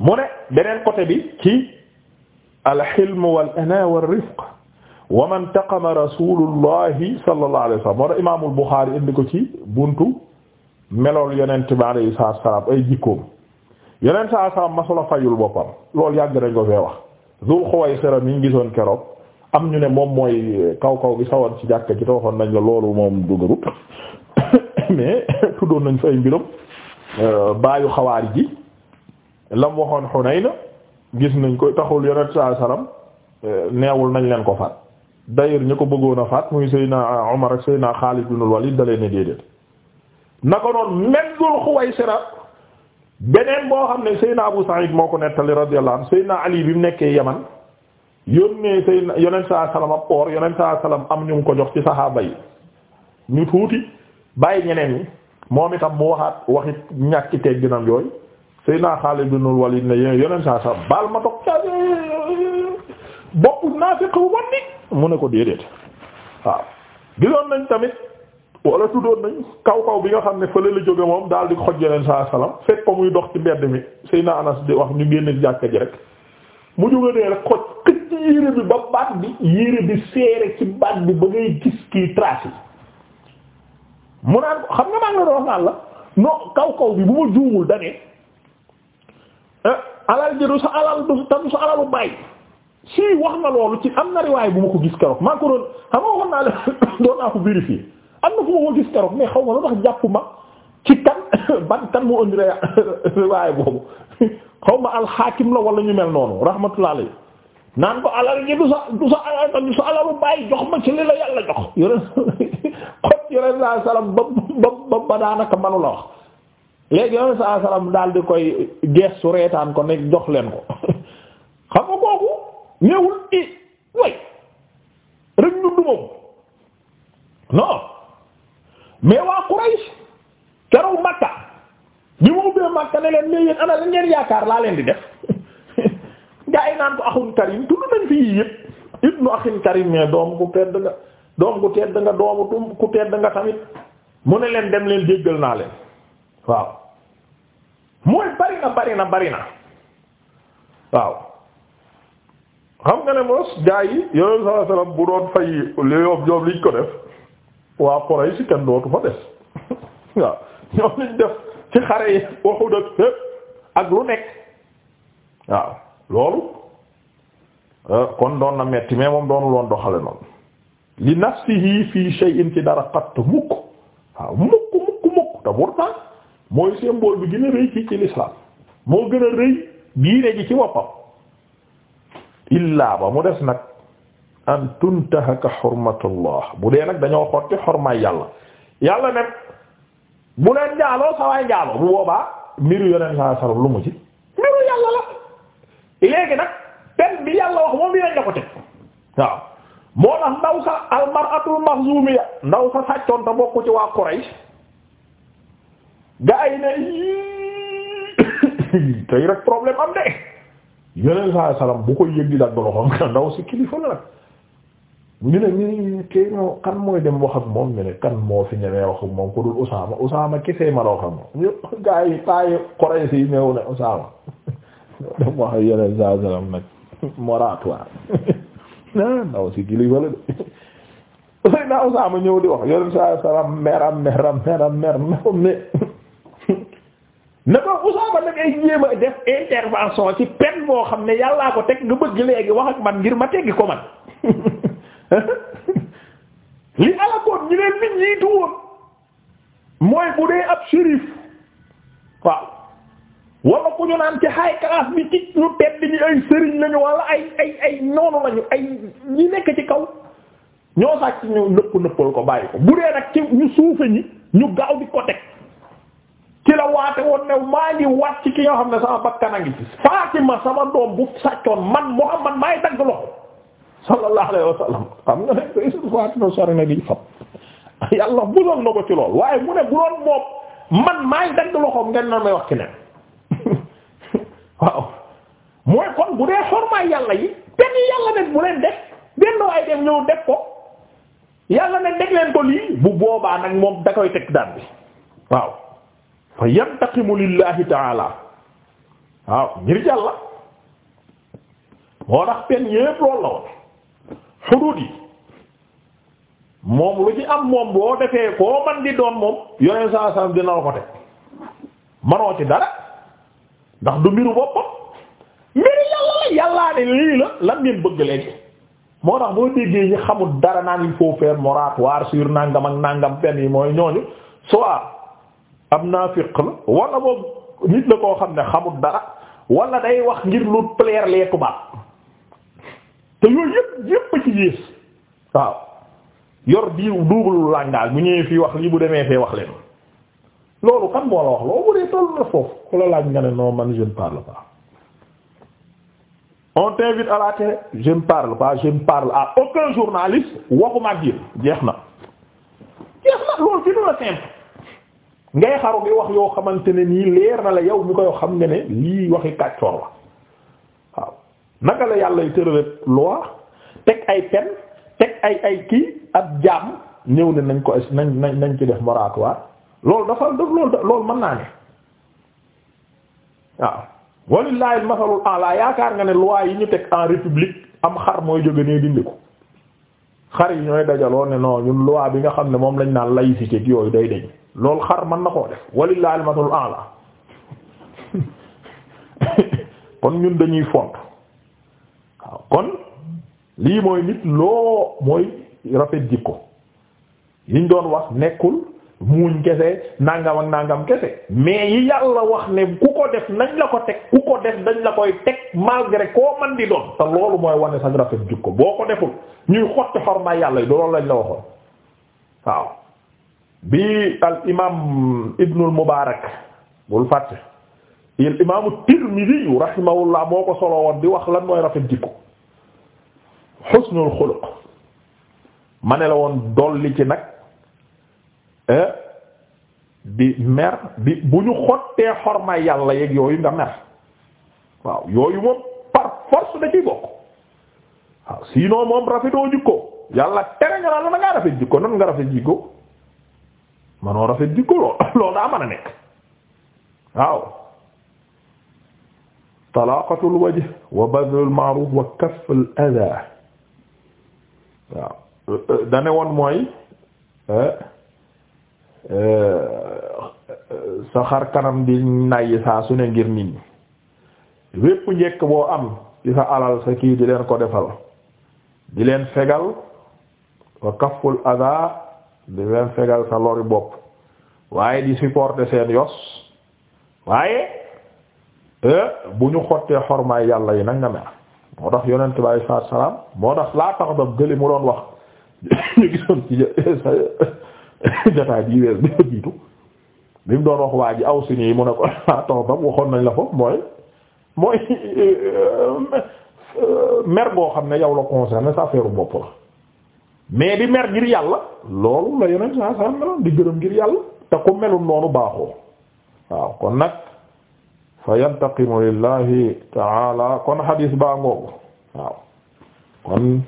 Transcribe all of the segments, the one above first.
mu ne beneen côté bi ci alxilm wal ana wal rifq wa man taqama rasulullahi sallallahu alayhi wa sallam wala imaamul Buxaari indi ko ci buntu melool yeneen bi alayhi salaatu salaam ay jikkoom yeneen saa salaam masula fayul boppam loolu yàgg nañ ko fee wax Zul Xuwaysira mi ngi gisoon keroog am ñu ne moom mooy kaw kaw gi sawoon ci jàkka ci taxoon nañ la loolu moom dugg mais tuddoon nañ fa ay mbiram euh, baayu xawaari ji. lam waxoon Hunayn gis nañ ko taxul yonent saa salaam eh, neewul nañ leen ko faat d'ailleurs ñu ko bëggoon a faat muy Seydina Omar ak Seydina Xaalid boo xam ne Seydina Abu Sa'id moo ko nettali radiyallahu anhu Seydina Ali bi mu nekkee Yaman yónnee Seydina yonent saa salaam ab or yonent saa salaam am ñu ko jox ci saxaaba yi ñu tuuti bàyyi ñeneen ñi moom itam mu waxaat waxit ñàkk tegginam yooyu. Seydina Xaalid ibn Walid ne yeneen saa sa baal ma toog ca bopp naafiq wu ni mu ne ko déedéet waaw gisoon nañ tamit wala tuddoon nañ kaw kaw bi nga xam ne fële la jóge moom daal di xoj yeneen saa salaam fekk ko muy dox ci mbedd mi Seydina Anas di wax ñu génn jàkka ji rek mu jóge dee rek xoj xëcc yére bi ba baat bi yére bi seere ci baat bi ba ngay gis kii trace yi mu naan xam nga maa ngi doon naan la non kaw kaw bi bu ma juumul da Eh, alal ji du sa alal du ta sa alalu bàyyi si wax na loolu ci am na riwaay bu ma ko gis keroog maa ko doon xam nga waxoon naa la doon naa ko vérifier am na fu ma ko gis keroog mais xaw ma lu tax jàpp ci kan ban kan mu indi riwaay boobu xaw ma alxaakim la wala ñu mel noonu rahmatullah alayhi naan ko alal ji du sa du sa alal du sa alalu bàyyi jox ma ci la yàlla jox yore xot yore laa salam ba ba ba daanaka manu la wax léegi yow saa salaam daal di koy gees su reetaan ko ne jox leen ko xam nga kooku ñëwul i way rek ñu du moom non mais waa Quraysh keroog Makka bi mu ubbee Makka ne leen mais yéen ana la ngeen yaakaar laa leen di def gaa yi naan ko axun karim tudd nañ fi yii yëpp ibnu axin karim mais doom nga doom ku tedd nga doomu ku tedd nga tamit mu ne leen dem leen jéggal naa leen waaw mooy bari na bari na bari waaw xam nga ne moos gaa yi yooyu sallallahu alayhi wasallam bu doon fay li yoob liñ ko def waa Quraysh si kenn dootu fa des waaw ñoom liñ def ci xare yi Uhud ak lu nekk waaw loolu euh, kon doon na metti mais moom doonu loon doxale noonu li nafsihi fii shay'in ci dara qatt mukk waaw mukk mukk mukk te pourtant mooy symbole bi gën a rëy ci ci l'islam moo gën a rëy diine ji ci boppam illaa ba mu des nag an tuntahaka xurmatullah bu dee nag dañoo xotti xormaay yàlla yàlla nag bu leen jaaloo sa waay jaaloo bu boobaa mbiru yoneen lu mu ci mbiru yàlla la léegi nag pen bi yàlla wax moom dinañ la ko teg waaw moo tax ndaw sa almaratul maxzumiya ndaw sa sàccoon te bokku ci waa Quraysh gaa yi ne tey rek problème am de yeneen saa salaam bu koy yëg di dagg loxoom ndaw si kilifa la nag ñu ne ñu kay moo kan mooy dem wax ak moom ñu ne kan moo fi ñemee wax ak moom ko dul Usaama Usaama kese ma wax ak ñu gaa yi taayi Quraysh ñëw ne Usaama dem wax ak yeneen saa salaam nag moratoire ndaw si kilifa la de naa ñëw di wax yeneen saa salaam mer am mer am mer am mer naka Usaama da ngay jéem a def intervention ci pen moo xam ne yàllaa ko teg nga bëgg léegi wax ak man ngir ma teggi ko man li alakoon ñu leen nit ñi tuwoon mooy bu dee ab shérif waaw wala ku ñu naan ci high class bi ci ñu tedd ñi ay sëriñ lañu wala ay ay ay noonu lañu ay ñi nekk ci kaw ñoo sàcc ñu nëpp nëppal ko bàyyi ko bu dee nag ci ñu suufe ñi ñu gaaw bi ko teg ci la waate woon ne maa ngi waat ci ki nga xam ne sama bakkan a ngi ci Fatima sama doom bu sàccoon man Muhammad maay dagg loxo sallallahu alayhi wa sallam xam yàlla busal na ko ci lool waaye mu ne bu doon moom man maay dagg loxoom ngeen na may wax ci nen waaw mooy kon bu dee xormaay yàlla yi te ni yàlla ne bu leen def benn waaye dem ñëw def ko yàlla ne deg leen ko lii bu boobaa nag moom da koy teg daan bi waaw fa yantaqimu lillahi taala waaw ngir yàlla moo tax pen yépp loolu la woon xuduut yi moom lu ci am moom boo defee koo man di doon moom yoneen saa saa dina la ko teg manoo ci dara ndax du mbiru boppam mbiru yàlla la yàllaa ne lii la lan ngeen bëgg léegi moo tax boo déggee ñi xamul dara naan il faut faire moratoire sur nangam ak nangam pen yi mooy ñooñu soit am naafiq la wala moom nit la koo xam ne xamul dara wala day wax ngir lu plaire les tubaab te yooyu yëpp yëpp ci gis waaw yor di double langage bu ñëwee fii wax lii bu demee fee wax leen loolu kan moo la wax loo bu dee toll na foofu ku la laaj nga ne man je parle pas on t'invite à la télé je parle pas je parle à aucun journaliste waxuma ak yéen jeex na jeex na loolu fi du la simple ngay xaru bi wax yoo xamante ne nii leer na la yow mi koy xam nga ne lii waxi kàccoor la waaw naka la yàlla yu tërale loi teg ay pen teg ay ay kii ab jaam ñëw ne nañ ko nañ nañ nañ ci def moratoire loolu dafa loolu loolu mën naa ne waaw walillahi masalul ala yaakaar nga ne loi yi ñu teg en république am xar mooy jóge nee dindi ko xar yi ñooy dajaloo ne non ñun loi bi nga xam ne moom lañ naan laïcité yooyu day deñ loolu xar mën na koo def walillahi almasalul a'la kon ñun dañuy font waaw kon lii mooy nit loo mooy rafet jikko yiñ doon wax nekkul muuñ kese nangam ak nangam kese mais yi yàlla wax ne ku ko def nañ la ko teg ku ko def dañ la koy teg malgré koo man di doon te loolu mooy wane sa rafet jikko boo ko deful ñuy xotti xormaay yàlla yi loolu lañ la waxoon waaw bi al imaam Ibnul Mubaarak bul fàtte al imaamu Tirmidi rahimahullah moo ko solo woon di wax lan mooy rafet jikko xusnul xuluq ma ne la woon dolli ci nag eh, di mer di bu ñu xottee xormaay yàlla yeeg yooyu nga mer waaw yooyu moom par force da ciy bokk waaw sinon moom rafetoo jikko yàlla tere nga la ngaa rafet jikko nan nga rafet jikko manoo rafet jikko loolu daa mën a nekk waaw talaaqatul wajh wa badlul ma'ruf wa kafful adha waaw euh, euh, dane woon mooy euh, sa xar kanam di nay saa su ne ngir nit ñi wépp njekk boo am ci sa alal sa kii di leen ko defal di leen fegal wa kafful adha di leen fegal sa lori bopp waaye di supporter seen yos waaye eh, bu ñu xottee xormaay yàlla yi nag nga mer moo tax yonent bi alayhi salaam moo tax laa tax daf gëli mu doon wax ñu gisoon ci jotaay bi wees bi jiitu bi mu doon wax waa ji aw si nii mu ne ko laa tax daf waxoon nañ la foofu mooy mooy eh, mer boo xam ne yow la concerné sa affaire bopp la mais di mer ngir loolu la yeneen saa saa meloon di gërëm ngir yàlla te ku melul noonu baaxoo fa yantaqimu lillahi ta'ala kon hadis baa ngoogu waaw kon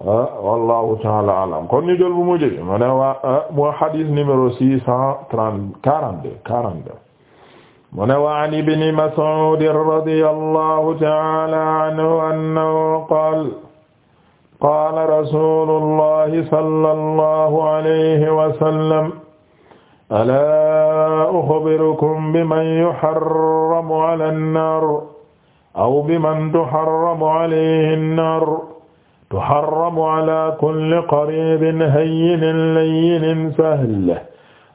ah, wallahu ta'ala alam kon ñu jël bu mujj bi mu ne waa ah, mu hadis numéro six cent trente quarante mu ne wa an ibni Mas'ud radiyallahu ta'ala anhu annahu qala qaala rasuulullahi sallallahu alayhi wa sallam alaa uxbirukum biman yuharramu ala nnaar aw biman tuharramu alayhi nnaar tuharramu ala kulli qariibin hayyinin layyinin sahlin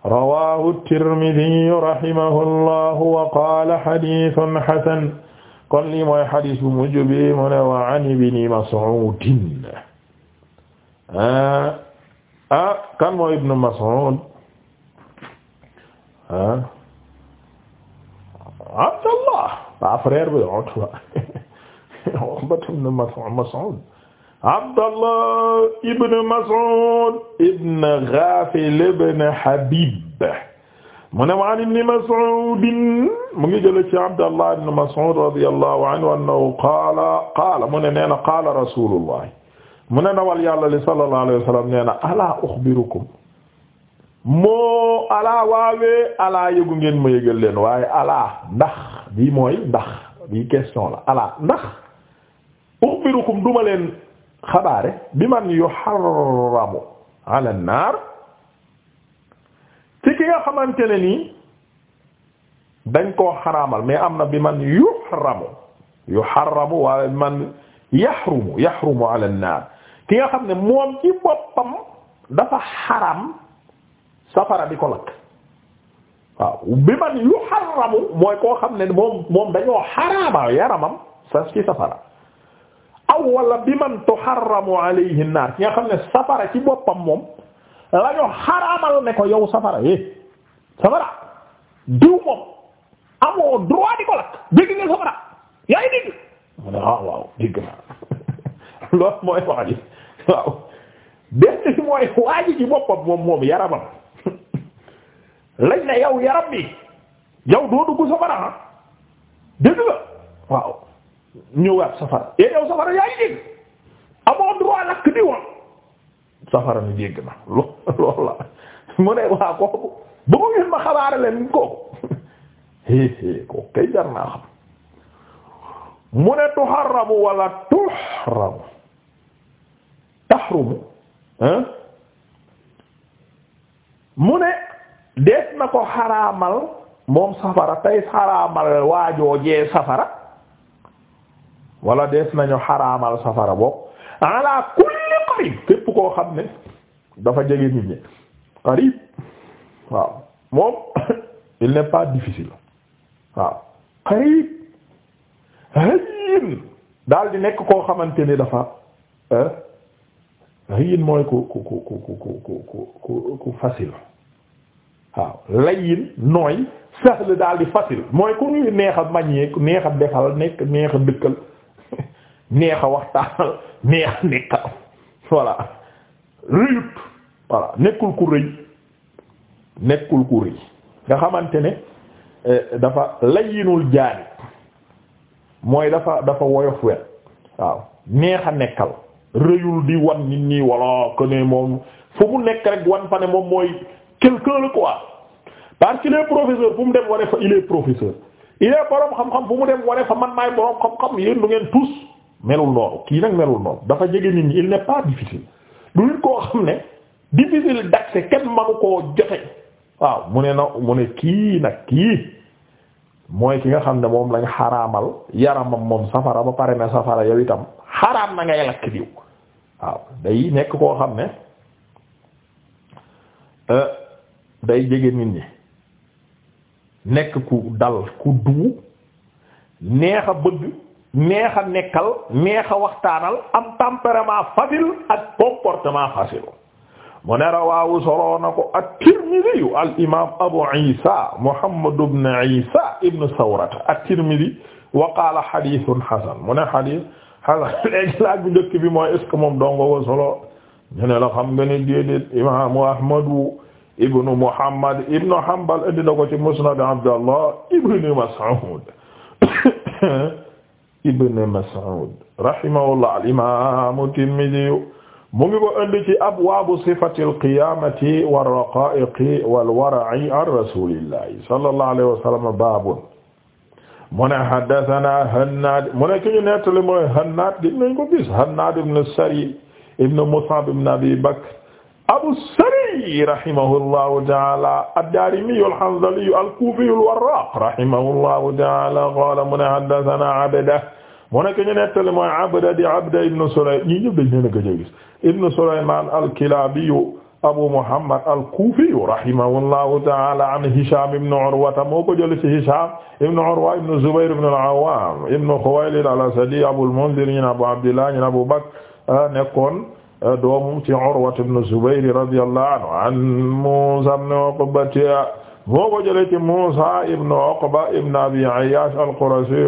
rawaahu tirmidiyyu rahimahullaahu wa qaala hadiisun hasan kon lii mooy xadis bu mujj bi mu ne wa an ibni Mas'ud ah, ah kan mooy ibnu Mas'ud ah Abdallah ba frère bi Utba Utba ibnu Mas'ud Abdallah ibnu Mas'ud ibnu Ghafil mu ne wa an ibni Mas'uudin mu ngi jële ci Abdallah ibn Mas'uud radiyallahu anhu annahu qaala qaala mu ne nee na qaala rasuulullah mu ne nawal yàlla li sallallahu alayhi wa sallam nee na alaa uxbirukum moo alaa waawee alaa yëgu ngeen ma yëgal leen waaye alaa ndax bii mooy ndax bii question la alaa ndax uxbirukum duma leen xabaare bi man yuharramu ala naar ki nga xamante ne nii dañ koo xaraamal mais am na bi man yuhramu yuhramu waaye man yahrumu yahrumu ala an-nar ki nga xam ne moom ci boppam dafa xaraam safara di ko lakk waaw bi man yuhramu mooy koo xam ne moom moom dañoo xaraamal yaramam safara ki boppam moom la ñu xaraamal ne ko yow safara eh safara diw moom amoo droit di ko lakk dégg safara yaa ngi waaw ah, waaw dégg na mooy wax ji waaw benn mooy waa ji ci moom moom yaramam lañ ne yow yaram bi yow doo dugg safara ah dégg nga waaw ñëwaat safara eh yow safara yaa ngi dégg amoo droit lakk di woon. Ah. safara mi jégg na loolu la mu ne waa kooku bu mu ngeen ma xabaarale leen kooku kooku kay jar xam mu ne tuxaramu wala tuxaramu taxrumu hein mu ne dees na ko xaraamal moom safara tey xaraamal waajoojee safara wala dees nañu xaraamal safara boobu ala kulli qarib koo xam ne dafa jege nit ñi qarib waaw moom il n'est pas difficile waaw qarib hayyin daal di nekk koo xamante ni dafa hayyin mooy ku ku ku ku ku ku ku ku facile waaw layin nooy sahl daal di facile mooy ku ñuy neex mañee neex a defal nekk neex a dëkkal neex waxtaanal neex a voilà rëyut voilà nekkul ku rëy nekkul ku rëy nga xamante ne eh, dafa layyinul jaani mooy dafa dafa woyof wet waaw neex a nekkal rëyul di wan nit ñi wala que ne moom fu mu nekk rek wan fa ne moom mooy quelqu'un la quoi parce qu'il est professeur fu mu dem wane fa il est professeur il est borom xam-xam fu mu dem wane fa man maay borom xam-xam yéen du ngeen tous melul noonu kii nag melul noonu dafa jege nit ñi il n'est pas difficile du nit koo xam ne difficile d'accès kenn manu koo jote waaw mu ne na mu ne kii nag kii mooy ki nga xam ne moom lañ xaraamal yaramam moom safara ba pare na safara yow itam xaraam na ngay lakk diw waaw day nekk koo xam ne euh, day jege nit ñi nekk ku dal ku duu neex a bëgg neex a nekkal neex a waxtaanal am tempérament facile ak comportement facile mu ne rawaawu soloo na ko at-Tirmidhi al imam Abu Isa Muhammad ibn Isa ibn Sawrata at-Tirmidhi wa qaala hadithun hasan mu ne hadith hasan léegi laaj bu njëkk bi mooy est ce que moom dongo wa solo ñu ne la xam nga ne déedéet imamu Ahmadu ibnu Muhammad ibnu Hanbal ko ci Musnad Abdallah ibn Mas'ud rahimahullah al-imam Tirmidhi mu ngi ko indi ci abwaabu sifatil qiyaamati war raqaa'iqi wal wara'i an rasuulillahi sallallahu alayhi wa sallam baabun mu ne haddathana Hannaad mu ne ki ñu nettali mooy Hannaad gis nañ ko gis Hannaad ibn Sari ibn Mus'ab ibn Abi Bakr Abu Sari al-Hanzali rahimahullahu ta'ala ad-Daarimi al-Hanzali al-Kuufi al-Warraaq rahimahullahu ta'ala qaala mu ne haddathanaa Abda mu nekk ñu nettali mooy Abda di Abda ibn Sulaymaan ñi ñëpp dañu leen a gëj a gis ibn Sulaymaan al-Kilaabi Abu Muhammad al-Kuufi rahimahullahu ta'ala an Hishaam ibn Urwa moo ko jëlee ci Hishaam ibn Urwa ibn Zubayr ibn al-Awwaam ibn Khuwaylid al-Asadi Abul Mundhir Abu Abdillah Abu Bakr nekkoon doomum ci Urwa ibn Zubayr radiyallahu anhu an Musa ibn Uqba moo ko jëlee ci Musa ibn Uqba ibn Abi Ayyash al-Qurashi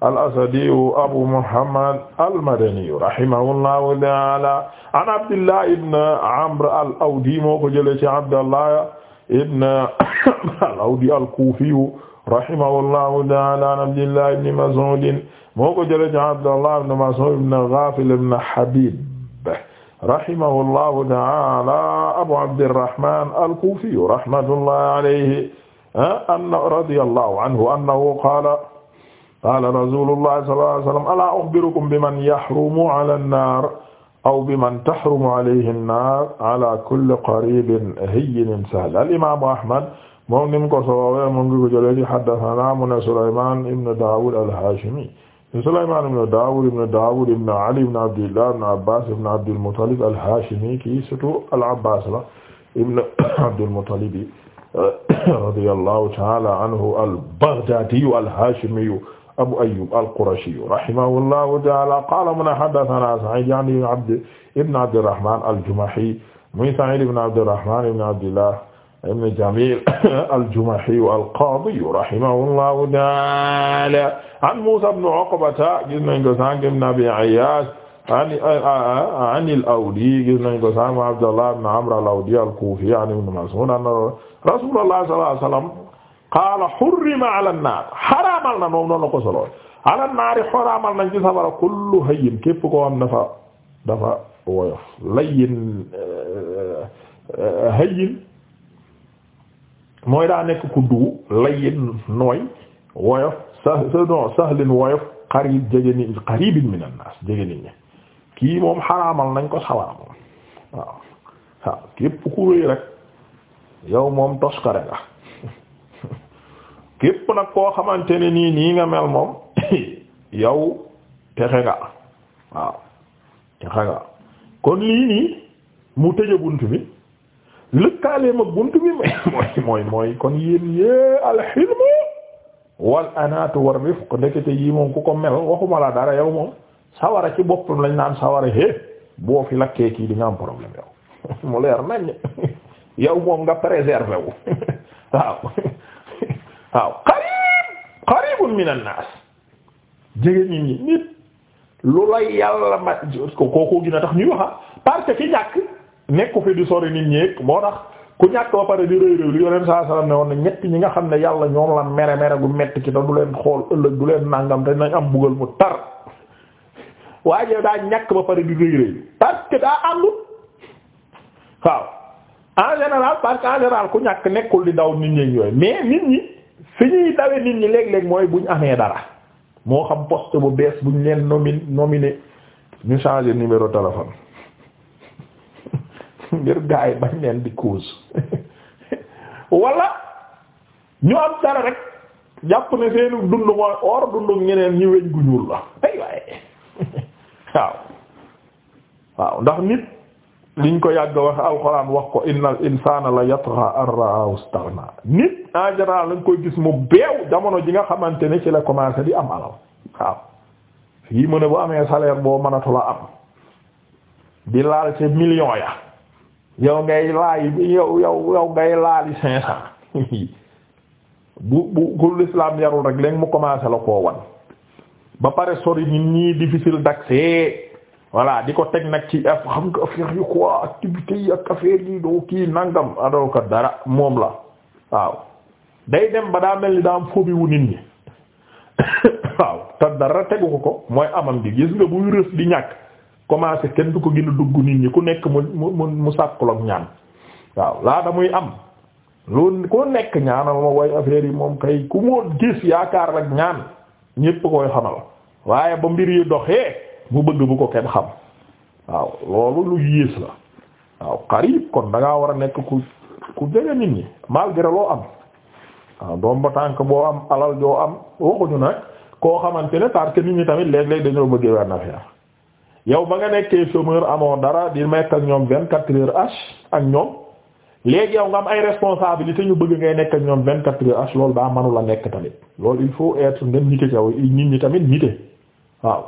al-Asadi Abu Muhammad al-Madani rahimahullahu ta'ala an Abdullah ibn Amr al-Awdi moo ko jëlee ci Abdullah ibn al-Awdi al-Kufi rahimahullahu ta'ala an Abdullah ibn Mas'ud moo ko jëlee ci Abdullah ibn Mas'ud ibn Ghafil ibn Habib rahimahullahu ta'ala Abu Abdirrahman al-Kufi rahmatullahi alayhi ah, anna radiyallahu anhu annahu qaala qaala rasulullah sallallahu alayhi wa sallam alaa ukhbirukum biman yahrumu ala an-naar aw biman tahrumu alayhi an-naar ala kulli qariibin hayyin sahl al-imaamu Ahmad moom ni mu ko soobee mu ngi ko jëlee di haddathana mu ne Sulaymaan ibn Daawuud al-Haashimi Sulaymaan ibn Daawuud ibn Daawuud ibn Ali ibn Abdillah ibn Abbaas ibn Abdul Muttalib al-Haashimi kii surtout al-Abbaas la ibn Abdul Muttalib radiyallahu ta'aala anhu al-Baghdaadiyu al-Haashimiyu Abu Ayyuub al-Qurashiyu rahimahullahu ta'aala qaala mu ne haddathanaa Sa'iid ya'ni Abd ibn Abdirrahmaan al-Jumahi muy Sa'iid ibn Abdirrahmaan ibn Abdillah ibn Jamil al-Jumahi al-Qadi rahimahullahu ta'ala an Musa ibn Uqbata gis nañ ko sànq ibn Abi Ayyas an al-Awdi gis nañ ko sànq Abdullah ibn Amr al-Awdi al-Kufi an Ibn Mas'ud anna Rasulullah sallallahu alayhi wa sallam qaala hurrima ala an-nar xaraamal na moom noonu la ko solo ala an-nar xaraamal nañ ci safara kullu hayyin képp koo xam dafa dafa woyof layyin euh, euh, hayyin mooy daa nekk kuddu layyin nooy woyof sa non sahlin woyof qarib jege ni qaribin min an-nas jege nit ñi kii moom xaraamal nañ ko sawara moom waaw képp ku rëy rek yow moom toskare nga képp nag koo xamante ne nii nii nga mel moom yow texe nga waaw texe nga kon lii nii mu tëje bunt bi lëkkaaleem ak buntu bi mooy mooy mooy kon yéen yée alxilmu wal anaatu war rifq ndekete yii moom ku ko mel waxuma la dara yow moom sawara ci boppam lañ naan sawara hé boo fi lakkee kii di am problème yow mu leer nañ moom nga préserver wu waaw waaw xarib xaribun minan naas jege ñi nit lu la yàlla ma ko kooku a tax ñuy waxa parce que ki ñàkk nekku fi di sori nit ñéeg moo tax ku ñàkk ba pare di rëy rëy li yoneen saa salaam ne woon ne ñett ñi nga xam ne yàlla ñoom la mere mere gu metti ci te du leen xool ëllëg du leen nàngam te nañ am buggal mu tar waaye daa ñàkk ba pare di rëy parce que daa àndut waaw en général parce que en général ku ñàkk nekkul di daw nit ñi yooyu mais nit ñi fi ñuy dawee nit ñi léeg-léeg mooy buñ amee dara moo xam poste bu bees buñ ñu leen nomine nominé ñu changer numéro téléphone ngir gaa yi bañ leen di cause wala ñu am dara rek jàpp ne seenu dund mooy or dund ñeneen ñi weñ gu ñuul la waaw waaw ndax nit liñ ko yàgg wax alxuraan wax ko innal insana la yatgha an ra'ahu istaghna nit en général lañ koy gis mu beew jamono ji nga xamante ne ci la commencé di am alal waaw fii mu ne bu amee salaire boo mënatula am di laal ci millions ya yow ngay laay yow yow yow ngay laali cinq cents bu bu ku l'islam yarul rek léegi mu commencé la koo wan ba pare sori nit ñi difficile d'accès voilà di ko teg nag ci af xam nga yi quoi activités yi yi doo kii nangam adol dara moom la waaw day dem ba daa mel ni daam fobi wu nit ñi waaw te dara tegu ko ko mooy amam bi gis nga buy rës di ñàkk commencé kenn du ko gën dugg nit ñi ku nekk mu mu mu sàkkul ak ñaan waaw laata muy am loolu ko nekk ñaanal ma way affaire yi moom kay ku moo gis yaakaar ak ñaan ñépp koy xamal waaye ba mbir yi doxee mu bëgg bu ko kenn xam waaw loolu lu yées la waaw xarib kon da war a nekk ku ku jege nit ñi malgré loo am waaw doom ba tànk boo am alal joo am waxuñu nag koo xamante ne parce que nit ñi tamit léeg-léeg dañoo bëggee benn affaire yow ba nga nekkee chômeur amoo dara di nekk ak ñoom vingt quatre heures h ak ñoom léegi yow nga am ay responsabilité ñu bëgg ngay nekk ak ñoom vingt quatre heures h loolu daa manula nekk tamit loolu il faut ngeen nite yow nit ñi tamit nite waaw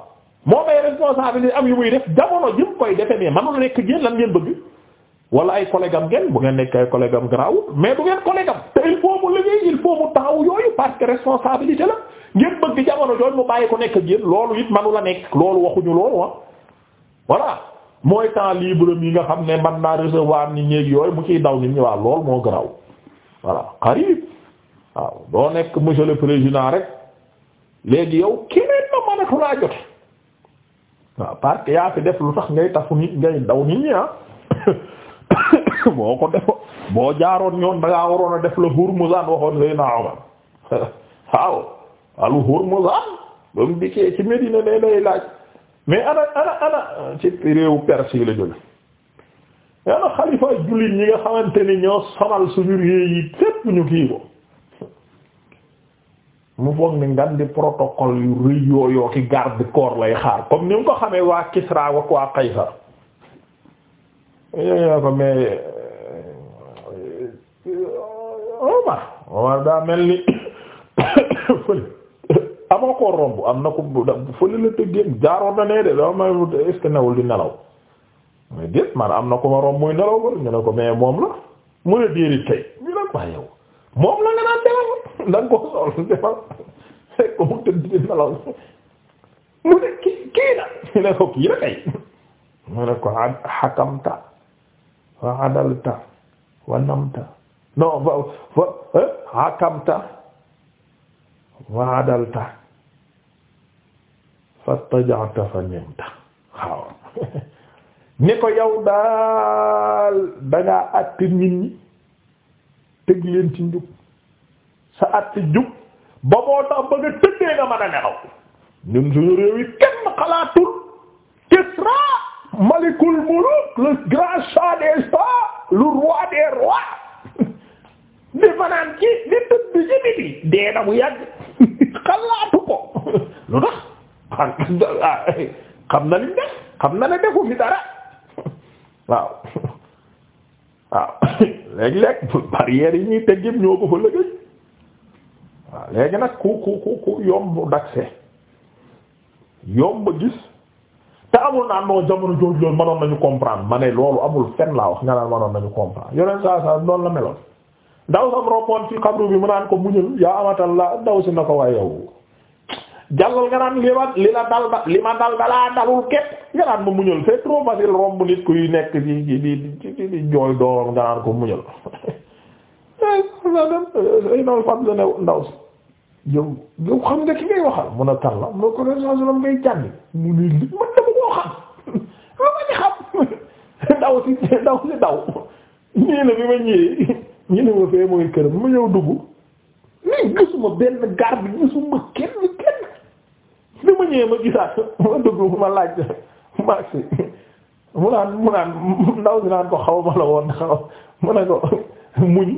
moom ay responsabilité am yu muy def jamono jëm koy defe mais nekk géen lan bëgg wala ay collègue am bu ngeen nekk ay am garaawut mais du ngeen collègue taxaw yooyu parce que responsabilité la ngeen bëgg mu bàyyi ko nekk géen loolu it manula nekk loolu waxuñu loolu wa ah. voilà mooy temps libre yi nga xam ne man naa recevoir ni ñéeg yooyu mu ciy daw nit ñi waa lool moo garaw voilà xarib waaw doo nekk monsieur le président rek léegi yow keneen na manatu laa jote waaw parce que yaa fi def lu tax ngay tafu nit ngay daw nit ñi ah boo ko defo boo jaaroon ñoon dangaa waroon a def la Hurmuzan waxoon sëy na Umar waaw alu Hurmuzan ba mu dikkee ci Medina ne lay laaj mais ana ana ana ci réewu Perse yi la jóge ana xalifa jullit ñi nga xamante ni ñoo sonal suñu réew yi fépp ñu kii ko mu foog ni ngan di yu rëy yooyoo ki garde corps lay xaar comme ni mu ko xamee waa Kisra ak waa Qaysar yooyu ko mais euh, Omar Omar daa mel ni moo ko romb am na ko fële la tëggeen jaaroon na nee de da ma est-ce que newul di nelaw man am na ko ma romb muy nelaw ba ñu ne ko mais moom la mu ne déedéet kay mu ne ko kii la kay mu ne ko xakamta wa adalta wa namta non xakamta wa adalta fastaja'ta fa nimta waaw ni ko yow daal dangaa àtt nit ñi tëgg leen ci njub sa àtt jub ba moo tax ba nga tëddee nga mën a nelaw ñun suñu réew yi kenn xalaatul Kisra malikul muluk le grand shah des shahs le roi des rois di fanaan ci di tëdd ci nit yi dee na bu yàgg xalaatu ko lu tax caaxaan xam na liñ def xam na ne defu fi dara waaw waaw léeg-léeg barrières yi ñuy teg yëpp ñoo ko fa lëgëj waaw léegi nag ku ku ku ku yomb d'accès yomb gis te amul naan noo jamono jooju loolu nañu comprendre ma ne loolu amul fenn laa wax nga naan mënoon nañu comprendre yeneen saa saa noonu la meloon ndaw sam roppoon ci xabru bi mu naan ko muñul yaa amatal la ndaw si na ko waaye yow jàllal nga li ma li la dal ba li ma dal balaa dalul képp nga naan ma muñal c'est trop facile romb nit kuy nekk ci ci ci jooy doom nga ko muñal ay la ndaw si yow yow xam nga ki ngay waxal mun a tar la mun a ko ne mu ne li nii dugg mais gisuma benn garde gisuma kenn li ma ñëwee ma gisaat ma dugg ma laaj marché mu naan mu naan ndaw si naan ko xaw ma la woon xaw mu ne ko muñ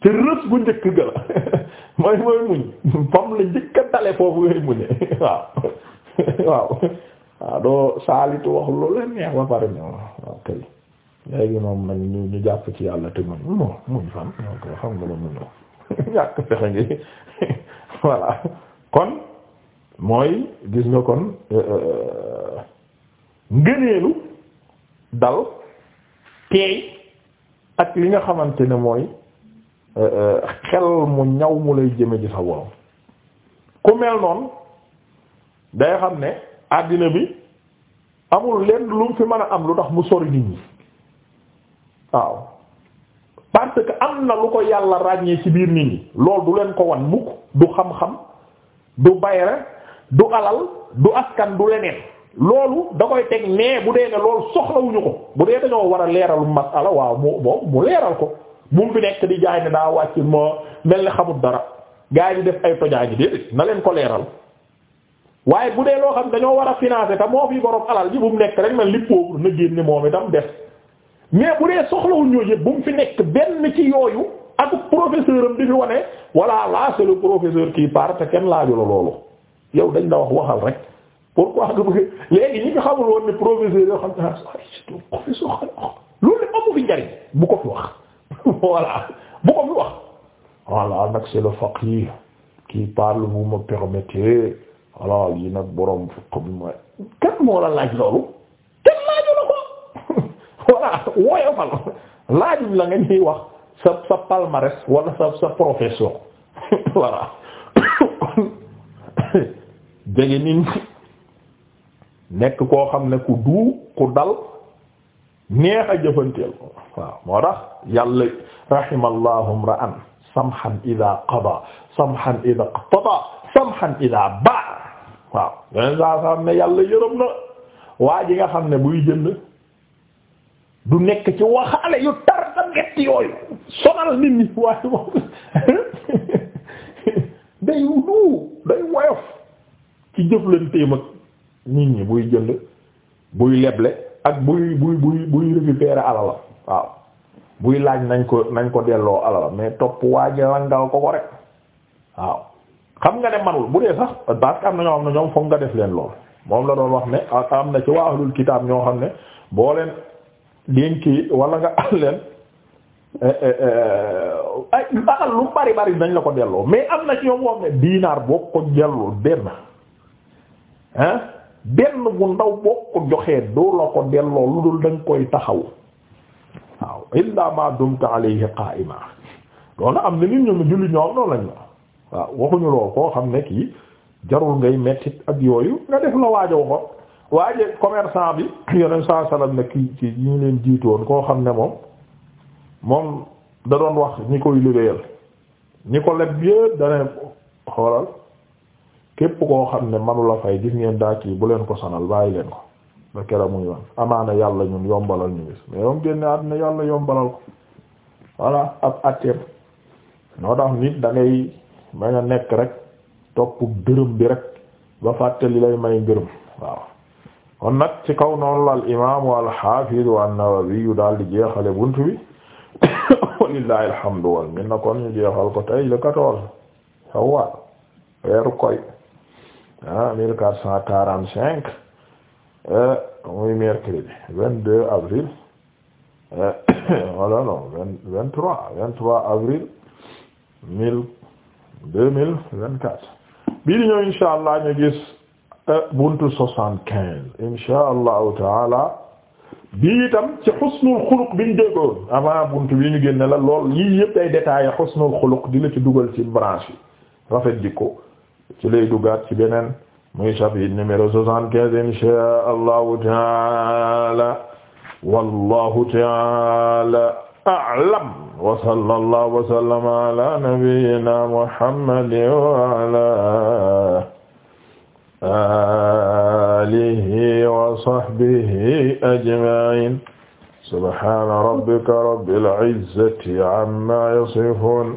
te rës bu njëkk ga la mooy mooy muñ fam la njëkk a dale foofu ngay muñe waaw waaw doo saalitu wax loolu leen neex ba pare ne waaw kay léegi moom nag ñu ñu jàpp ci yàlla te muñ muñ fan donc xam nga la muñ ñàkk fexe ngi voilà kon mooy gis nga kon euh, euh, ngëneelu dal teey ak li nga xamante ne mooy euh, xel mu ñaw mu lay jëme ci sa borom ku mel noonu day xam ne àddina bi amul lenn lu mu fi mën a am lu tax mu sori nit ñi waaw parce que am na lu ko yàlla ràññee ci biir nit ñi loolu du leen ko wan mukk du xam-xam du bayre du alal du askan du leneen loolu da koy teg nee bu dee ne loolu soxlawuñu ko bu dee dañoo war a leeralu ala waaw mu mu leeral ko mu fi nekk di jaay ne daa wàcc moo mel ni xamul dara gaa yi di def ay tojaa ji déedéet na leen ko leeral waaye bu dee loo xam dañoo war a financer te moo fi borom alal ji bu mu nekk rek na li pauvre na génne moom itam def mais bu dee soxlawul ñoo yëpp bu mu fi nekk benn ci yooyu ak professeur am di fi wane voilà là c'est le professeur qui part te kenn laaju la loolu yow dañ la wax waxal rek pourquoi nga bëgg léegi ñi nga xamul woon ne proviseur yoo ne ah ay la amu fi njariñ bu ko fi wax voilà bu ko fi wax voilà nag c'est le faqih qui parle vous me permettez voilà nag borom fiq bi mooy kan moo la laaj loolu kenn laaju la ko voilà wooyo fal laajuñ la nga ñuy wax sa sa palmarès wala sa sa profession voilà jege nit nekk koo xam ne ku duu ku dal neex a jëfanteel waaw moo tax yàlla rahimallahu ra'an samhan ida qada samhan ida qtada samhan ida ba waaw yeneen saa xam ne yàlla yërëm na waa nga xam ne buy jënd du nekk ci waxaale yu tar ta metti yooyu sonal nit ñi waaye moom ci jëflanteem ak nit ñi buy jënd buy leble ak buy buy buy buy récupérer alala waaw buy laaj nañ ko nañ ko delloo alala mais topp waaje langal ko ko rek waaw xam nga ne manul bu dee sax parce que am na xam ne ñoom foog nga def leen lool moom la doon wax ne am na ci waa ahlul kitaab ñoo xam ne boo leen dénk wala nga am leen eh, eh, eh, ay alal lu bari bari nañ la ko delloo mais am na ci ñoom moom ne diinaar boo ko delloo benn ah benn bu ndaw boo ko joxee doo la ko delloo lu dul da nga koy taxaw waaw illa ma dumta alayhi qa'ima loolu am na nit ñoom julli ñoom noonu lañ waaw waxuñu lool koo xam ne kii jarul ngay mettit ak yooyu nga def la waaja waxoon waaje commerçant bi yoneen saa salaam ne ci ñu leen jiitoon koo xam ne moom moom da doon wax ñi koy liggéeyal ñi ko leb yépp dana xoolal képp koo xam ne manula fay gis ngeen daa bu leen ko sanal bàyyi leen ko ba keroog muy amaana yàlla ñun yombalal ñu gis mais yow génne àddina yàlla yombalal ko voilà ab atteem noo tax nit da ngay bañ a nekk rek topp dërëm bi rek ba fàtte li lay may ngërëm waaw kon nag ci kaw noonu la al imaamu al xaafidu an-Nawawi yu daal di jeexale bunt bi walillahi alhamdu wal minna kon ñu jeexal ko tey le quatorze weeru koy ah mille quatre cent quarante cinq muy euh, mercredi vingt deux avril euh, voilà non vingt trois vingt trois avril mille deux mille vingt quatre bii di ñëw insha allah ñu gis euh, buntu soixante quinze insha allahu taala bii itam ci xusnul xuluq bi ñu déggoon avant buntu bi ñu génne la lool yii yëpp ay détails xusnul xuluq di la ci dugal ci branche rafet jikko ci lay duggaat ci beneen muy chapitre numéro soixante-quinze insha allahu taala wallahu taala a'lam wa sallallahu wa sallama ala nabiyyina muhammadin wa ala alihi wa sahbihi ajma'in subhana rabbika rabbil izzati amma yasifun